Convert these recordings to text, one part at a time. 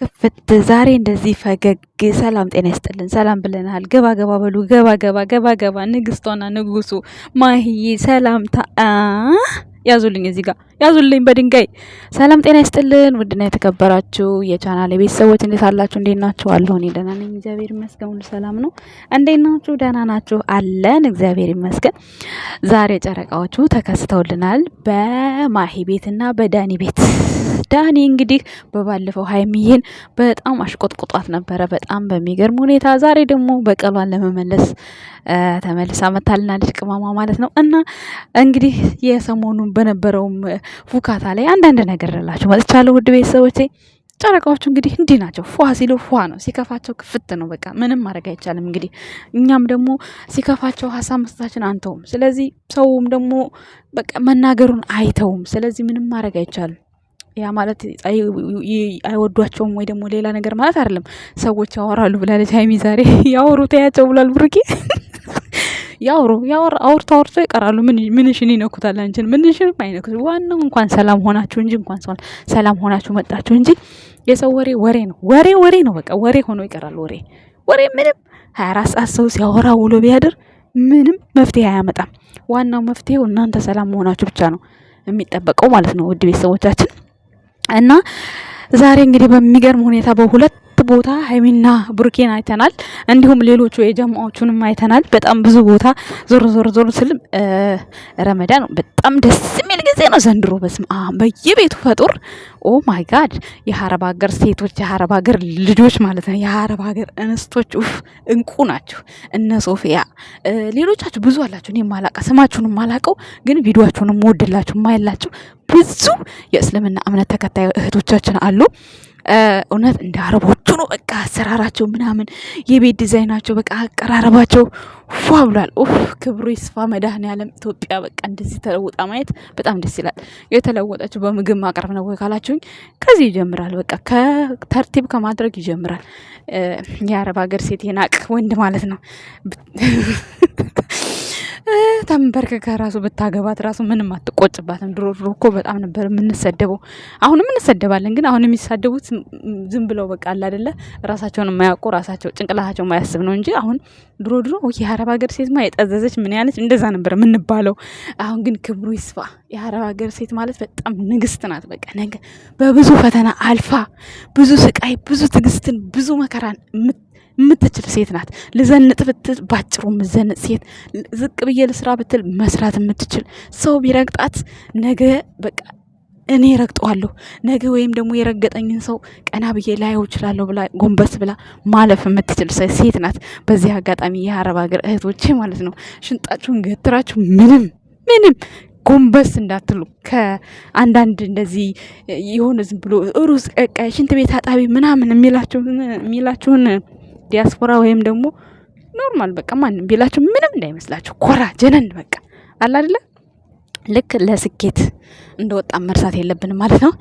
ክፍት ዛሬ እንደዚህ ፈገግ ሰላም ጤና ይስጥልን። ሰላም ብለናል። ገባ ገባ በሉ ገባ ገባ ገባ ገባ። ንግስቷና ንጉሱ ማህዬ ሰላምታ ያዙልኝ፣ እዚህ ጋር ያዙልኝ በድንጋይ። ሰላም ጤና ይስጥልን። ውድና የተከበራችሁ የቻናል ቤተሰቦች እንዴት አላችሁ? እንዴት ናችሁ? አለሁ እኔ ደህና ነኝ፣ እግዚአብሔር ይመስገን። ሁሉ ሰላም ነው። እንዴት ናችሁ? ደህና ናችሁ? አለን፣ እግዚአብሔር ይመስገን። ዛሬ ጨረቃዎቹ ተከስተውልናል በማሂ ቤትና በዳኒ ቤት ዳኒ እንግዲህ በባለፈው ሀይሚዬን በጣም አሽቆጥቁጧት ነበረ በጣም በሚገርም ሁኔታ። ዛሬ ደግሞ በቀሏን ለመመለስ ተመልሳ መታልናለች ቅማማ ማለት ነው። እና እንግዲህ የሰሞኑን በነበረውም ፉካታ ላይ አንዳንድ ነገር ላችሁ መጥቻለሁ ውድ ቤተሰቦቼ። ጨረቃዎቹ እንግዲህ እንዲህ ናቸው። ፏ ሲሉ ፏ ነው፣ ሲከፋቸው ክፍት ነው። በቃ ምንም ማድረግ አይቻልም። እንግዲህ እኛም ደግሞ ሲከፋቸው ሀሳብ መስጠታችን አንተውም። ስለዚህ ሰውም ደግሞ በቃ መናገሩን አይተውም። ስለዚህ ምንም ማድረግ አይቻልም። ያ ማለት አይወዷቸውም ወይ ደግሞ ሌላ ነገር ማለት አይደለም። ሰዎች ያወራሉ ብላለች ሀይሚ ዛሬ። ያወሩ ተያቸው ብሏል ብሩኬ። ያወሩ ያወር አውርቶ አውርቶ ይቀራሉ። ምንሽን ይነኩታል? አንቺን ምንሽን አይነኩት። ዋናው እንኳን ሰላም ሆናችሁ እንጂ እንኳን ሰላም ሆናችሁ መጣችሁ እንጂ የሰው ወሬ ወሬ ነው። ወሬ ወሬ ነው። በቃ ወሬ ሆኖ ይቀራል። ወሬ ወሬ ምንም ሀያ አራት ሰዓት ሰው ሲያወራ ውሎ ቢያድር ምንም መፍትሄ አያመጣም። ዋናው መፍትሄው እናንተ ሰላም መሆናችሁ ብቻ ነው የሚጠበቀው ማለት ነው። ውድ ቤተሰቦቻችን እና ዛሬ እንግዲህ በሚገርም ሁኔታ በሁለት አራት ቦታ ሀይሚና ብሩኬን አይተናል። እንዲሁም ሌሎቹ የጀማዎቹንም አይተናል። በጣም ብዙ ቦታ ዞር ዞር ዞር ስል ረመዳን በጣም ደስ የሚል ጊዜ ነው ዘንድሮ። በስመ በየቤቱ ፈጡር። ኦ ማይ ጋድ! የሀረብ ሀገር ሴቶች የሀረብ ሀገር ልጆች ማለት ነው የሀረብ ሀገር እንስቶች ፍ እንቁ ናቸው እነ ሶፊያ ሌሎቻችሁ ብዙ አላችሁ። እኔ ማላቃ ስማችሁን ማላቀው ግን ቪዲዮችሁንም ወድላችሁ ማይላችሁ ብዙ የእስልምና እምነት ተከታይ እህቶቻችን አሉ። እውነት እንደ አረቦቹ ነው። በቃ አሰራራቸው ምናምን የቤት ዲዛይናቸው በቃ አቀራረባቸው ፏ ብሏል። ኡፍ ክብሩ ይስፋ መድኃኔዓለም። ኢትዮጵያ በቃ እንደዚህ ተለውጣ ማየት በጣም ደስ ይላል። የተለወጠችው በምግብ ማቅረብ ነው ወይ ካላችሁኝ ከዚህ ይጀምራል። በቃ ከተርቲብ ከማድረግ ይጀምራል። የአረብ ሀገር ሴት የናቅ ወንድ ማለት ነው። ተንበርክከ ራሱ ብታገባት ራሱ ምንም አትቆጭባትም። ድሮ ድሮ እኮ በጣም ነበር የምንሰደበው፣ አሁንም እንሰደባለን። ግን አሁን የሚሳደቡት ዝም ብለው በቃ አለ አይደለ ራሳቸውን የማያውቁ ራሳቸው ጭንቅላታቸው የማያስብ ነው እንጂ አሁን ድሮ ድሮ የአረብ ሀገር ሴትማ የጠዘዘች ምን ያለች እንደዛ ነበር የምንባለው። አሁን ግን ክብሩ ይስፋ። የአረብ ሀገር ሴት ማለት በጣም ንግስት ናት። በቃ ነገ በብዙ ፈተና አልፋ ብዙ ስቃይ ብዙ ትግስትን ብዙ መከራን የምትችል ሴት ናት። ልዘንጥ ብትል ባጭሩ ምዘንጥ ሴት፣ ዝቅ ብዬ ልስራ ብትል መስራት የምትችል ሰው ቢረግጣት ነገ በቃ እኔ ረግጠዋለሁ ነገ ወይም ደግሞ የረገጠኝን ሰው ቀና ብዬ ላየው እችላለሁ ብላ ጎንበስ ብላ ማለፍ የምትችል ሴት ናት። በዚህ አጋጣሚ የአረብ ሀገር እህቶቼ ማለት ነው ሽንጣችሁን ገትራችሁ ምንም ምንም ጎንበስ እንዳትሉ ከአንዳንድ እንደዚህ የሆነ ዝም ብሎ ሩዝ ቀቃይ፣ ሽንት ቤት አጣቢ ምናምን የሚላችሁን ዲያስፖራ ወይም ደግሞ ኖርማል በቃ ማንም ቢላችሁ ምንም እንዳይመስላችሁ፣ ኮራ ጀነን በቃ አላ አደለም ልክ ለስኬት እንደወጣ መርሳት የለብንም ማለት ነው።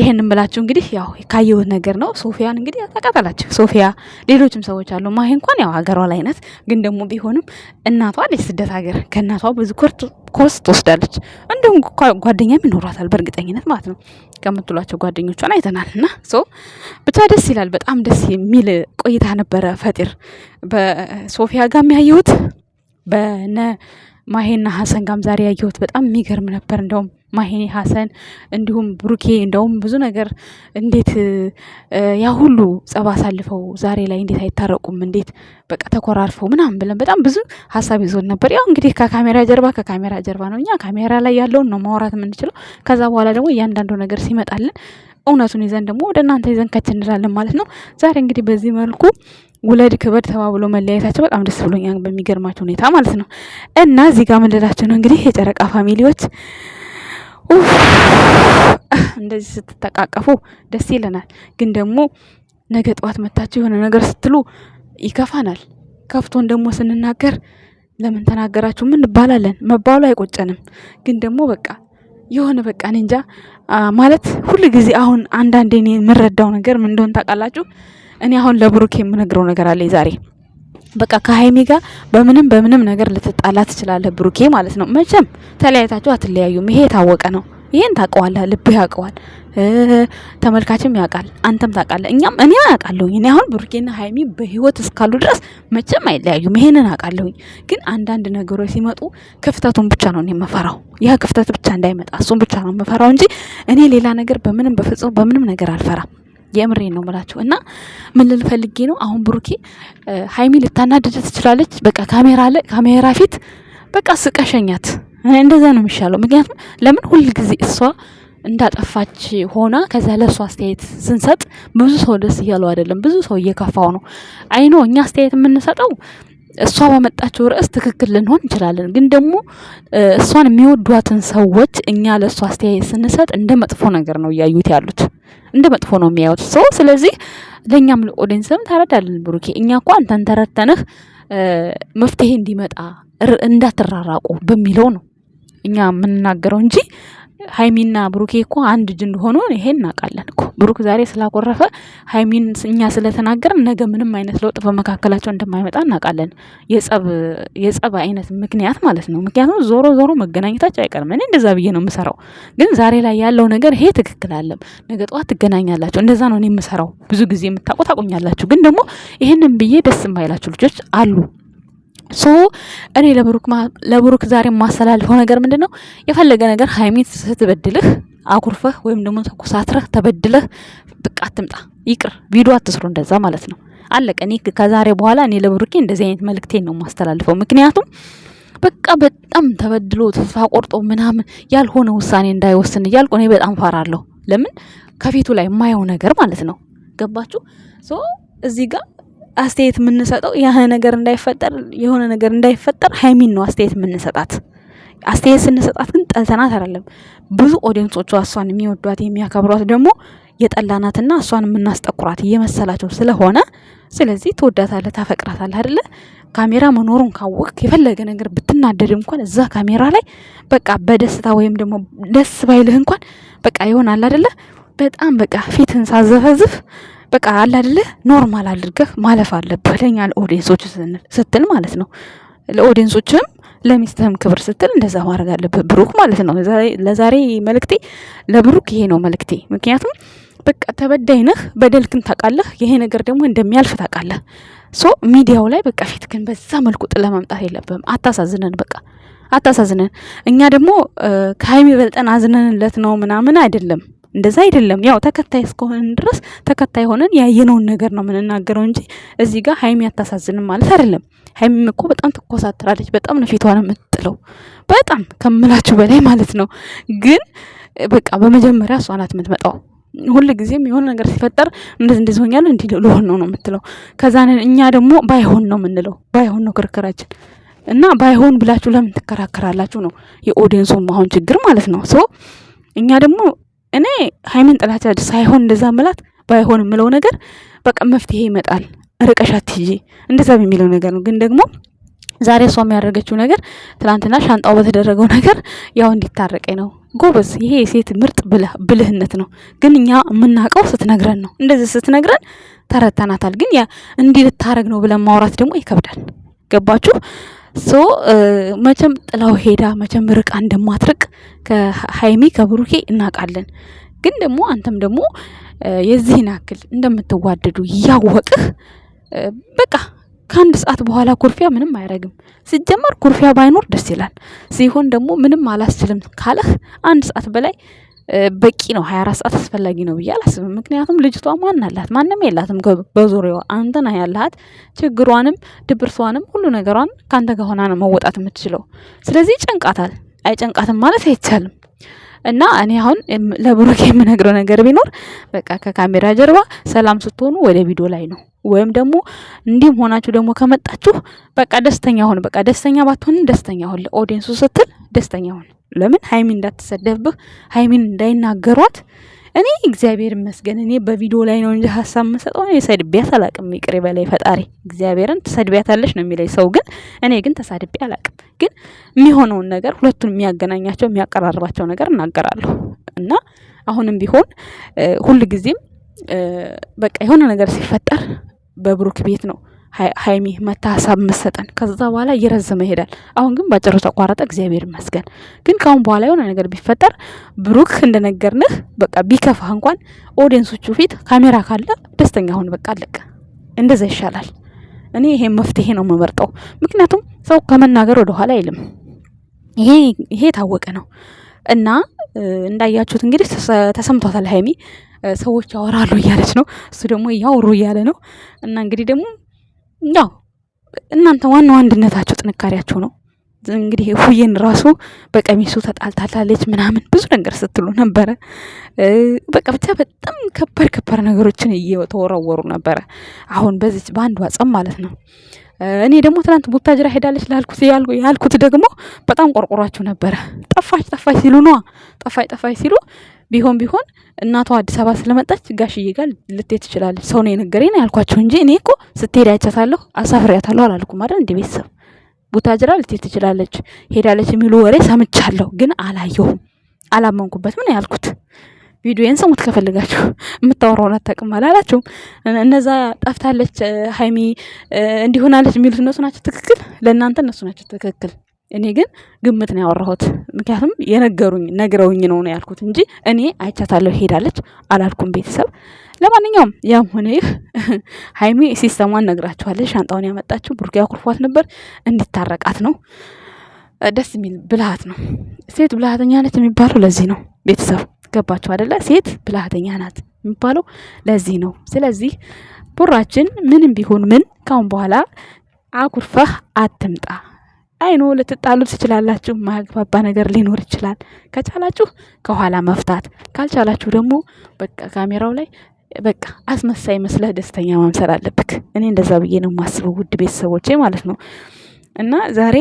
ይሄን እንብላችሁ እንግዲህ ያው ካየሁት ነገር ነው። ሶፊያን እንግዲህ ታውቃታላችሁ። ሶፊያ ሌሎችም ሰዎች አሉ። ማሄ እንኳን ያው ሀገሯ ላይ ናት፣ ግን ደግሞ ቢሆንም እናቷ ልጅ ስደት ሀገር ከእናቷ ብዙ ኮርት ኮርስ ትወስዳለች። እንዲሁም ጓደኛም ይኖሯታል በእርግጠኝነት ማለት ነው። ከምትሏቸው ጓደኞቿን አይተናል እና ሶ ብቻ ደስ ይላል። በጣም ደስ የሚል ቆይታ ነበረ። ፈጢር በሶፊያ ጋር የሚያየሁት በነ ማሄና ሀሰን ጋም ዛሬ ያየሁት በጣም የሚገርም ነበር። እንደውም ማሄ ሀሰን፣ እንዲሁም ብሩኬ እንደውም ብዙ ነገር እንዴት ያ ሁሉ ጸብ አሳልፈው ዛሬ ላይ እንዴት አይታረቁም? እንዴት በቃ ተኮራርፈው ምናምን ብለን በጣም ብዙ ሀሳብ ይዞን ነበር። ያው እንግዲህ ከካሜራ ጀርባ ከካሜራ ጀርባ ነው። እኛ ካሜራ ላይ ያለውን ነው ማውራት የምንችለው። ከዛ በኋላ ደግሞ እያንዳንዱ ነገር ሲመጣልን እውነቱን ይዘን ደግሞ ወደ እናንተ ይዘን ከች እንላለን ማለት ነው። ዛሬ እንግዲህ በዚህ መልኩ ውለድ ክበድ ተባብሎ መለያየታቸው በጣም ደስ ብሎኛል፣ በሚገርማቸው ሁኔታ ማለት ነው። እና እዚህ ጋር ምንላቸው ነው እንግዲህ የጨረቃ ፋሚሊዎች እንደዚህ ስትጠቃቀፉ ደስ ይለናል። ግን ደግሞ ነገ ጠዋት መታችሁ የሆነ ነገር ስትሉ ይከፋናል። ከፍቶን ደግሞ ስንናገር ለምን ተናገራችሁ ምን እንባላለን። መባሉ አይቆጨንም፣ ግን ደግሞ በቃ የሆነ በቃ እንጃ ማለት ሁል ጊዜ አሁን አንዳንዴ እኔ የምረዳው ነገር ምን እንደሆን ታውቃላችሁ? እኔ አሁን ለብሩኬ የምነግረው ነገር አለ ዛሬ በቃ ከሀይሚ ጋር በምንም በምንም ነገር ልትጣላ ትችላለህ ብሩኬ ማለት ነው። መቼም ተለያይታችሁ አትለያዩም። ይሄ የታወቀ ነው። ይሄን ታውቀዋለህ፣ ልብህ ያውቀዋል። ተመልካችም ያውቃል፣ አንተም ታውቃለህ፣ እኛም እኔ አውቃለሁኝ። እኔ አሁን ብሩኬና ሀይሚ በህይወት እስካሉ ድረስ መቼም አይለያዩም፣ ይሄንን አውቃለሁኝ። ግን አንዳንድ ነገሮች ሲመጡ ክፍተቱን ብቻ ነው እኔ የምፈራው። ያ ክፍተት ብቻ እንዳይመጣ እሱን ብቻ ነው የምፈራው እንጂ እኔ ሌላ ነገር በምንም በፍጹም በምንም ነገር አልፈራም። የምሬ ነው የምላችሁ። እና ምን ልል ፈልጌ ነው አሁን ብሩኬ ሀይሚ ልታናድድ ትችላለች። በቃ ካሜራ አለ ካሜራ ፊት በቃ ስቀሸኛት እንደዛ ነው የሚሻለው። ምክንያቱም ለምን ሁልጊዜ እሷ እንዳጠፋች ሆና ከዛ ለሱ አስተያየት ስንሰጥ ብዙ ሰው ደስ እያለው አይደለም፣ ብዙ ሰው እየከፋው ነው። አይኖ እኛ አስተያየት የምንሰጠው እሷ በመጣችው ርዕስ ትክክል ልንሆን እንችላለን። ግን ደግሞ እሷን የሚወዷትን ሰዎች እኛ ለእሱ አስተያየት ስንሰጥ እንደ መጥፎ ነገር ነው እያዩት ያሉት፣ እንደ መጥፎ ነው የሚያዩት ሰው። ስለዚህ ለእኛም ኦዲንስም ታረዳለን። ብሩኬ እኛ እኳ አንተን ተረተንህ መፍትሄ እንዲመጣ እንዳትራራቁ በሚለው ነው እኛ የምንናገረው እንጂ ሀይሚና ብሩኬ እኮ አንድ ጅን ሆኖ ይሄን እናውቃለን እኮ ብሩክ ዛሬ ስላኮረፈ ሀይሚን እኛ ስለተናገርን ነገ ምንም አይነት ለውጥ በመካከላቸው እንደማይመጣ እናውቃለን። የጸብ አይነት ምክንያት ማለት ነው። ምክንያቱም ዞሮ ዞሮ መገናኘታቸው አይቀርም። እኔ እንደዛ ብዬ ነው የምሰራው። ግን ዛሬ ላይ ያለው ነገር ይሄ ትክክል አለም። ነገ ጠዋት ትገናኛላችሁ። እንደዛ ነው እኔ የምሰራው። ብዙ ጊዜ የምታውቁ ታቆኛላችሁ። ግን ደግሞ ይህንን ብዬ ደስ የማይላችሁ ልጆች አሉ። ሶ እኔ ለብሩክ ዛሬ የማስተላልፈው ነገር ምንድን ነው? የፈለገ ነገር ሀይሚት ስትበድልህ አኩርፈህ ወይም ደግሞ ተኮሳትረህ ተበድለህ ብቅ አትምጣ፣ ይቅር ቪዲዮ አትስሩ፣ እንደዛ ማለት ነው። አለቀ። እኔ ከዛሬ በኋላ እኔ ለብሩኬ እንደዚህ አይነት መልእክቴን ነው የማስተላልፈው። ምክንያቱም በቃ በጣም ተበድሎ ተስፋ ቆርጦ ምናምን ያልሆነ ውሳኔ እንዳይወስን እያልኩ እኔ በጣም ፈራለሁ። ለምን ከፊቱ ላይ የማየው ነገር ማለት ነው። ገባችሁ? ሶ እዚህ ጋር አስተያየት የምንሰጠው ያ ነገር እንዳይፈጠር የሆነ ነገር እንዳይፈጠር ሀይሚን ነው አስተያየት የምንሰጣት። አስተያየት ስንሰጣት ግን ጠልተናት አይደለም። ብዙ ኦዲየንሶቿ እሷን የሚወዷት የሚያከብሯት ደግሞ የጠላናትና እሷን የምናስጠቁራት እየመሰላቸው ስለሆነ ስለዚህ ትወዳታለህ፣ ታፈቅራታለህ አይደለ? ካሜራ መኖሩን ካወቅ የፈለገ ነገር ብትናደድ እንኳን እዛ ካሜራ ላይ በቃ በደስታ ወይም ደግሞ ደስ ባይልህ እንኳን በቃ ይሆናል አይደለ? በጣም በቃ ፊትህን ሳዘፈዝፍ በቃ አለ አይደለ ኖርማል አድርገህ ማለፍ አለብህ ለኛ ለኦዲየንሶች ስትል ማለት ነው። ለኦዲየንሶችም ለሚስትህም ክብር ስትል እንደዛ ማድረግ አለብህ ብሩክ ማለት ነው። ለዛሬ መልክቴ ለብሩክ ይሄ ነው መልክቴ ምክንያቱም በቃ ተበዳይ ነህ፣ በደልክን ታውቃለህ። ይሄ ነገር ደግሞ እንደሚያልፍ ታውቃለህ። ሶ ሚዲያው ላይ በቃ ፊት ግን በዛ መልኩ ጥለ መምጣት የለብህም። አታሳዝነን፣ በቃ አታሳዝነን። እኛ ደግሞ ከሀይሚ በልጠን አዝነንለት ነው ምናምን አይደለም እንደዛ አይደለም። ያው ተከታይ እስከሆንን ድረስ ተከታይ ሆነን ያየነውን ነገር ነው የምንናገረው እንጂ እዚህ ጋር ሀይሚ አታሳዝንም ማለት አይደለም። ሀይሚም እኮ በጣም ትኮሳትራለች። በጣም ነው ፊቷን የምትጥለው፣ በጣም ከምላችሁ በላይ ማለት ነው። ግን በቃ በመጀመሪያ እሷ ናት የምትመጣው። ሁል ጊዜም የሆነ ነገር ሲፈጠር እንደዚህ እንደዚህ ሆኛለሁ እንዲህ ልሆን ነው ነው የምትለው። ከዛን እኛ ደግሞ ባይሆን ነው የምንለው። ባይሆን ነው ክርክራችን እና ባይሆን ብላችሁ ለምን ትከራከራላችሁ? ነው የኦዲየንሱም አሁን ችግር ማለት ነው። ሶ እኛ ደግሞ እኔ ሀይሚን ጥላት ሳይሆን እንደዛ ምላት ባይሆን የምለው ነገር በቃ መፍትሄ ይመጣል፣ ርቀሻት አትሂጂ እንደዛ የሚለው ነገር ነው። ግን ደግሞ ዛሬ እሷ የሚያደርገችው ነገር ትናንትና ሻንጣው በተደረገው ነገር ያው እንዲታረቀ ነው። ጎበዝ፣ ይሄ የሴት ምርጥ ብልህነት ነው። ግን እኛ የምናውቀው ስትነግረን ነው። እንደዚህ ስትነግረን ተረተናታል። ግን እንዲልታረግ እንዲህ ልታረግ ነው ብለን ማውራት ደግሞ ይከብዳል። ገባችሁ? ሶ መቼም ጥላው ሄዳ መቼም ርቃ እንደማትርቅ ከሀይሚ ከብሩኬ እናውቃለን። ግን ደግሞ አንተም ደግሞ የዚህን ያክል እንደምትዋደዱ እያወቅህ በቃ ከአንድ ሰዓት በኋላ ኩርፊያ ምንም አያረግም። ሲጀመር ኩርፊያ ባይኖር ደስ ይላል። ሲሆን ደግሞ ምንም አላስችልም ካለህ አንድ ሰዓት በላይ በቂ ነው። ሀያ አራት ሰዓት አስፈላጊ ነው ብዬ አላስብም። ምክንያቱም ልጅቷ ማን አላት? ማንም የላትም በዙሪያዋ። አንተ ነህ ያላት። ችግሯንም ድብርቷንም ሁሉ ነገሯን ከአንተ ጋር ሆና ነው መወጣት የምትችለው። ስለዚህ ጨንቃታል። አይጨንቃትም ማለት አይቻልም። እና እኔ አሁን ለብሩክ የምነግረው ነገር ቢኖር በቃ ከካሜራ ጀርባ ሰላም ስትሆኑ ወደ ቪዲዮ ላይ ነው። ወይም ደግሞ እንዲህም ሆናችሁ ደግሞ ከመጣችሁ በቃ ደስተኛ ሁን። በቃ ደስተኛ ባትሆን ደስተኛ ሁን፣ ለኦዲየንሱ ስትል ደስተኛ ሁን። ለምን ሀይሚ እንዳትሰደብህ ሀይሚን እንዳይናገሯት። እኔ እግዚአብሔር ይመስገን እኔ በቪዲዮ ላይ ነው እንጂ ሀሳብ የምሰጠው የሰድቢያት አላቅም። ይቅር በላይ ፈጣሪ እግዚአብሔርን ትሰድቢያታለች ነው የሚለኝ ሰው ግን እኔ ግን ተሳድቤ አላቅም። ግን የሚሆነውን ነገር ሁለቱን የሚያገናኛቸው የሚያቀራርባቸው ነገር እናገራለሁ እና አሁንም ቢሆን ጊዜም በቃ የሆነ ነገር ሲፈጠር በብሩክ ቤት ነው ሀይሚ መታ ሀሳብ መሰጠን ከዛ በኋላ እየረዘመ ይሄዳል። አሁን ግን ባጭሩ ተቋረጠ። እግዚአብሔር ይመስገን። ግን ካሁን በኋላ የሆነ ነገር ቢፈጠር ብሩክ እንደነገርንህ በቃ ቢከፋህ እንኳን ኦዲየንሶቹ ፊት ካሜራ ካለ ደስተኛ ሁን። በቃ አለቀ። እንደዛ ይሻላል። እኔ ይሄ መፍትሄ ነው የምመርጠው። ምክንያቱም ሰው ከመናገር ወደ ኋላ አይልም። ይሄ ይሄ የታወቀ ነው እና እንዳያችሁት እንግዲህ ተሰምቷታል ሀይሚ ሰዎች ያወራሉ እያለች ነው። እሱ ደግሞ ያውሩ እያለ ነው እና እንግዲህ ደግሞ ያው እናንተ ዋናው አንድነታቸው ጥንካሬያቸው ነው። እንግዲህ ሁዬን ራሱ በቀሚሱ ተጣልታላለች ምናምን ብዙ ነገር ስትሉ ነበረ። በቃ ብቻ በጣም ከባድ ከባድ ነገሮችን እየተወረወሩ ነበረ። አሁን በዚች በአንድ ዋጸም ማለት ነው። እኔ ደግሞ ትናንት ቡታጅራ ሄዳለች ላልኩት ያልኩት ደግሞ በጣም ቆርቆሯችሁ ነበረ። ጠፋች ጠፋች ሲሉ ነዋ ጠፋች ጠፋች ሲሉ ቢሆን ቢሆን እናቷ አዲስ አበባ ስለመጣች ጋሽዬ ጋር ልትሄድ ትችላለች። ሰው ነው የነገረኝ ያልኳቸው እንጂ እኔ እኮ ስትሄድ አይቻታለሁ አሳፍሬያታለሁ አላልኩም አይደል? እንደ ቤተሰብ ቡታጅራ ልትሄድ ትችላለች ሄዳለች የሚሉ ወሬ ሰምቻለሁ፣ ግን አላየሁም፣ አላመንኩበት ምን ያልኩት። ቪዲዮዬን ስሙት ከፈልጋችሁ የምታወራውን አታውቅም አላላችሁም? እነዛ ጠፍታለች ሀይሚ እንዲሆናለች የሚሉት እነሱ ናቸው ትክክል፣ ለእናንተ እነሱ ናቸው ትክክል። እኔ ግን ግምት ነው ያወራሁት። ምክንያቱም የነገሩኝ ነግረውኝ ነው ነው ያልኩት እንጂ እኔ አይቻታለሁ ሄዳለች አላልኩም። ቤተሰብ ለማንኛውም ያም ሆነ ይህ ሀይሚ ሲስተሟን ነግራችኋለች። ሻንጣውን ያመጣችው ብሩክ ያኩርፏት ነበር እንዲታረቃት ነው። ደስ የሚል ብልሃት ነው። ሴት ብልሃተኛ ነች የሚባለው ለዚህ ነው። ቤተሰብ ገባችሁ አደለ? ሴት ብልሃተኛ ናት የሚባለው ለዚህ ነው። ስለዚህ ቡራችን ምንም ቢሆን ምን ካሁን በኋላ አኩርፈህ አትምጣ። አይኖ ልትጣሉ ትችላላችሁ። ማግባባ ነገር ሊኖር ይችላል። ከቻላችሁ ከኋላ መፍታት፣ ካልቻላችሁ ደግሞ በቃ ካሜራው ላይ በቃ አስመሳይ መስለህ ደስተኛ መምሰል አለብክ። እኔ እንደዛ ብዬ ነው የማስበው፣ ውድ ቤተሰቦቼ ማለት ነው። እና ዛሬ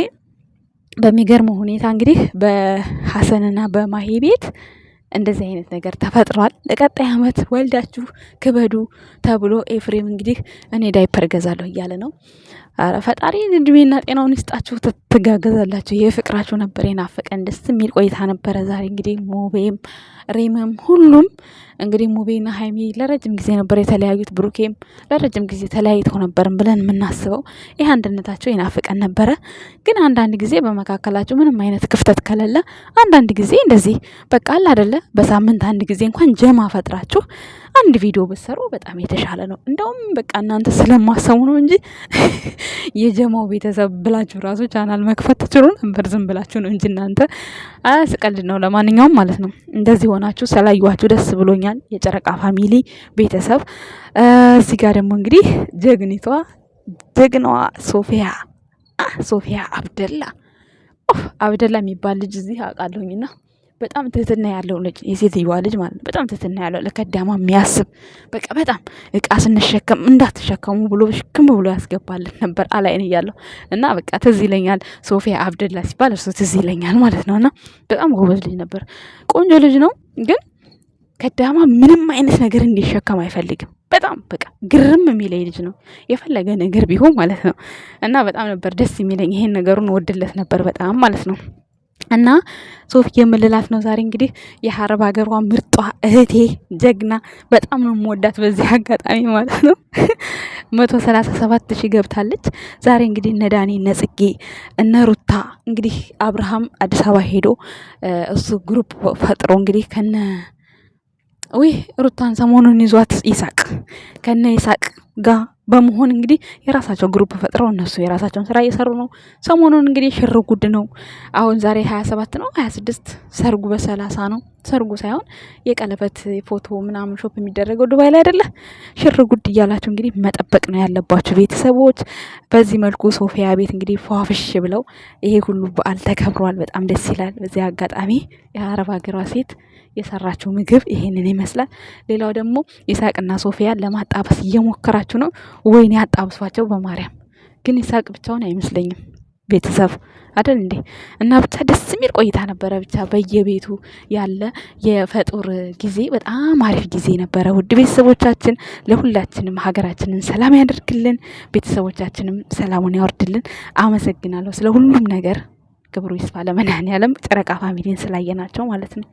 በሚገርመው ሁኔታ እንግዲህ በሀሰንና በማሂ ቤት እንደዚህ አይነት ነገር ተፈጥሯል። ለቀጣይ ዓመት ወልዳችሁ ክበዱ ተብሎ ኤፍሬም እንግዲህ እኔ ዳይፐር እገዛለሁ እያለ ነው። ኧረ ፈጣሪ እድሜና ጤናውን ይስጣችሁ፣ ትጋገዛላችሁ። ይህ ፍቅራችሁ ነበር የናፈቀን። ደስ የሚል ቆይታ ነበረ። ዛሬ እንግዲህ ሙቤም ሬምም ሁሉም እንግዲህ ሙቤና ሀይሚ ለረጅም ጊዜ ነበር የተለያዩት። ብሩኬም ለረጅም ጊዜ ተለያይተው ነበርም ብለን የምናስበው ይህ አንድነታቸው የናፍቀን ነበረ። ግን አንዳንድ ጊዜ በመካከላቸው ምንም አይነት ክፍተት ከሌለ አንዳንድ ጊዜ እንደዚህ በቃ አለ አደለ በሳምንት አንድ ጊዜ እንኳን ጀማ ፈጥራችሁ አንድ ቪዲዮ ብትሰሩ በጣም የተሻለ ነው። እንደውም በቃ እናንተ ስለማሰሙ ነው እንጂ የጀማው ቤተሰብ ብላችሁ ራሱ ቻናል መክፈት ትችሉ ነበር። ዝም ብላችሁ ነው እንጂ እናንተ ስቀልድ ነው። ለማንኛውም ማለት ነው እንደዚህ ሆናችሁ ስላየኋችሁ ደስ ብሎኛል። የጨረቃ ፋሚሊ ቤተሰብ እዚህ ጋር ደግሞ እንግዲህ ጀግኒቷ ጀግናዋ ሶፊያ ሶፊያ አብደላ አብደላ የሚባል ልጅ እዚህ አውቃለሁኝና በጣም ትህትና ያለው ልጅ የሴትዮዋ ልጅ ማለት ነው። በጣም ትህትና ያለው ለከዳማ የሚያስብ በቃ በጣም እቃ ስንሸከም እንዳትሸከሙ ብሎ ሽክም ብሎ ያስገባልን ነበር አላይን እያለው እና በቃ ትዝ ይለኛል። ሶፊያ አብደላ ሲባል እርሱ ትዝ ይለኛል ማለት ነው። እና በጣም ጎበዝ ልጅ ነበር። ቆንጆ ልጅ ነው ግን ከዳማ ምንም አይነት ነገር እንዲሸከም አይፈልግም። በጣም በቃ ግርም የሚለኝ ልጅ ነው፣ የፈለገ ነገር ቢሆን ማለት ነው። እና በጣም ነበር ደስ የሚለኝ ይሄን ነገሩን ወድለት ነበር በጣም ማለት ነው። እና ሶፊ የምልላት ነው ዛሬ እንግዲህ የሀረብ ሀገሯ ምርጧ እህቴ ጀግና፣ በጣም ነው የምወዳት። በዚህ አጋጣሚ ማለት ነው መቶ ሰላሳ ሰባት ሺህ ገብታለች። ዛሬ እንግዲህ እነ ነጽጌ እነ ጽጌ እነ ሩታ እንግዲህ አብርሃም አዲስ አበባ ሄዶ እሱ ግሩፕ ፈጥሮ እንግዲህ ከነ ዊ ሩታን ሰሞኑን ይዟት ይሳቅ ከነ ይሳቅ ጋር በመሆን እንግዲህ የራሳቸው ግሩፕ ፈጥረው እነሱ የራሳቸውን ስራ እየሰሩ ነው። ሰሞኑን እንግዲህ ሽር ጉድ ነው። አሁን ዛሬ ሀያ ሰባት ነው ሀያ ስድስት ሰርጉ በሰላሳ ነው። ሰርጉ ሳይሆን የቀለበት ፎቶ ምናምን ሾፕ የሚደረገው ዱባይ ላይ አይደለ? ሽር ጉድ እያላችሁ እንግዲህ መጠበቅ ነው ያለባችሁ ቤተሰቦች። በዚህ መልኩ ሶፊያ ቤት እንግዲህ ፏፍሽ ብለው ይሄ ሁሉ በዓል ተከብሯል። በጣም ደስ ይላል። በዚህ አጋጣሚ የአረብ ሀገሯ ሴት የሰራችው ምግብ ይሄንን ይመስላል። ሌላው ደግሞ ይሳቅና ሶፊያን ለማጣበስ እየሞከራችሁ ነው። ወይኔ አጣብሷቸው በማርያም ግን ይሳቅ ብቻውን አይመስለኝም ቤተሰብ አይደል እንዴ? እና ብቻ ደስ የሚል ቆይታ ነበረ። ብቻ በየቤቱ ያለ የፈጡር ጊዜ በጣም አሪፍ ጊዜ ነበረ። ውድ ቤተሰቦቻችን ለሁላችንም ሀገራችንን ሰላም ያደርግልን፣ ቤተሰቦቻችንም ሰላሙን ያወርድልን። አመሰግናለሁ ስለ ሁሉም ነገር። ክብሩ ይስፋ ለመድኃኔዓለም። ጨረቃ ፋሚሊን ስላየናቸው ማለት ነው።